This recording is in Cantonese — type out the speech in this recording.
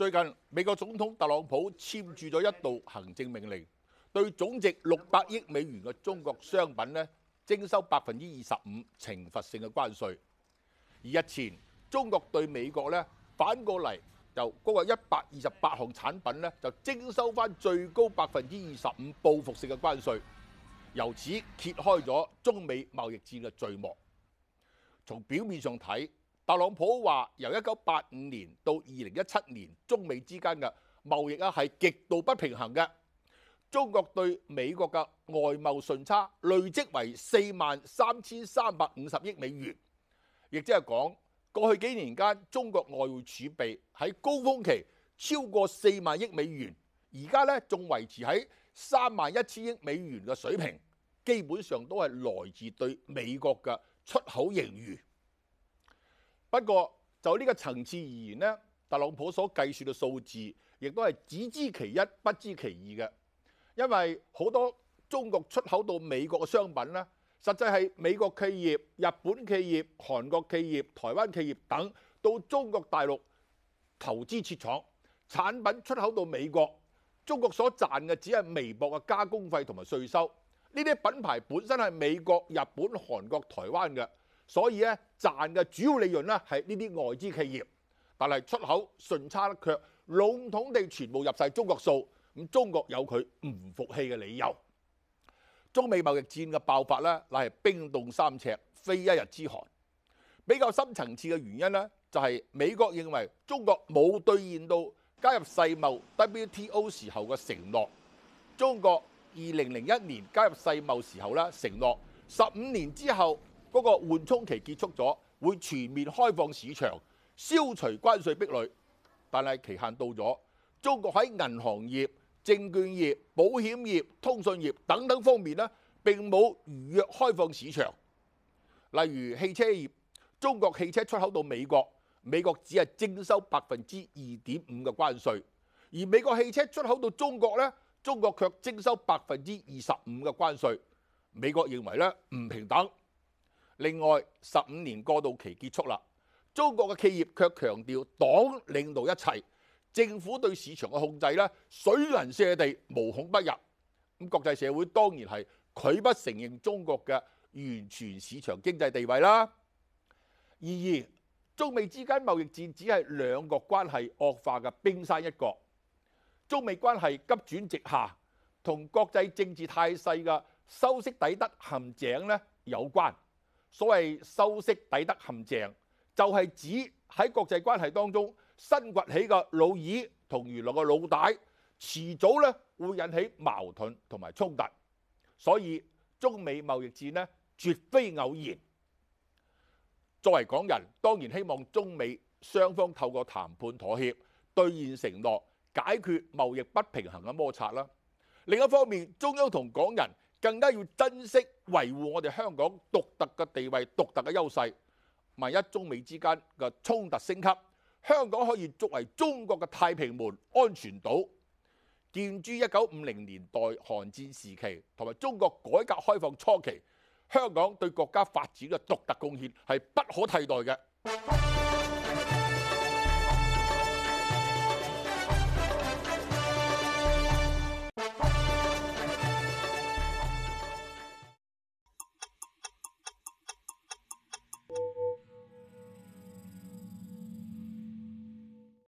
最近美國總統特朗普簽署咗一道行政命令，對總值六百億美元嘅中國商品咧徵收百分之二十五懲罰性嘅關稅。而日前中國對美國咧反過嚟由嗰個一百二十八項產品咧就徵收翻最高百分之二十五報復性嘅關稅，由此揭開咗中美貿易戰嘅序幕。從表面上睇，特朗普話：由一九八五年到二零一七年，中美之間嘅貿易啊係極度不平衡嘅。中國對美國嘅外貿順差累積為四萬三千三百五十億美元，亦即係講過去幾年間，中國外匯儲備喺高峰期超過四萬億美元，而家咧仲維持喺三萬一千億美元嘅水平，基本上都係來自對美國嘅出口盈餘。不過，就呢個層次而言呢，特朗普所計算嘅數字，亦都係只知其一不知其二嘅，因為好多中國出口到美國嘅商品呢，實際係美國企業、日本企業、韓國企業、台灣企業等到中國大陸投資設廠，產品出口到美國，中國所賺嘅只係微薄嘅加工費同埋稅收，呢啲品牌本身係美國、日本、韓國、台灣嘅。所以咧，賺嘅主要利潤咧，係呢啲外資企業，但係出口順差卻籠統地全部入晒中國數。咁中國有佢唔服氣嘅理由。中美貿易戰嘅爆發呢，乃係冰凍三尺，非一日之寒。比較深層次嘅原因呢，就係、是、美國認為中國冇兌現到加入世貿 WTO 時候嘅承諾。中國二零零一年加入世貿時候咧，承諾十五年之後。嗰個緩衝期結束咗，會全面開放市場，消除關稅壁壘。但係期限到咗，中國喺銀行業、證券業、保險業、通訊業等等方面呢，並冇如約開放市場。例如汽車業，中國汽車出口到美國，美國只係徵收百分之二點五嘅關稅；而美國汽車出口到中國呢，中國卻徵收百分之二十五嘅關稅。美國認為咧，唔平等。另外，十五年過渡期結束啦，中國嘅企業卻強調黨領導一切，政府對市場嘅控制呢，水銀瀉地無孔不入。咁國際社會當然係拒不承認中國嘅完全市場經濟地位啦。然而中美之間貿易戰只係兩國關係惡化嘅冰山一角，中美關係急轉直下，同國際政治態勢嘅修昔底德陷阱呢有關。所謂「修昔底德陷阱」，就係指喺國際關係當中新崛起嘅老二同原來嘅老大，遲早咧會引起矛盾同埋衝突。所以中美貿易戰咧絕非偶然。作為港人，當然希望中美雙方透過談判妥協、兌現承諾，解決貿易不平衡嘅摩擦啦。另一方面，中央同港人，更加要珍惜維護我哋香港獨特嘅地位、獨特嘅優勢，萬一中美之間嘅衝突升級，香港可以作為中國嘅太平門、安全島。建於一九五零年代韓戰時期同埋中國改革開放初期，香港對國家發展嘅獨特貢獻係不可替代嘅。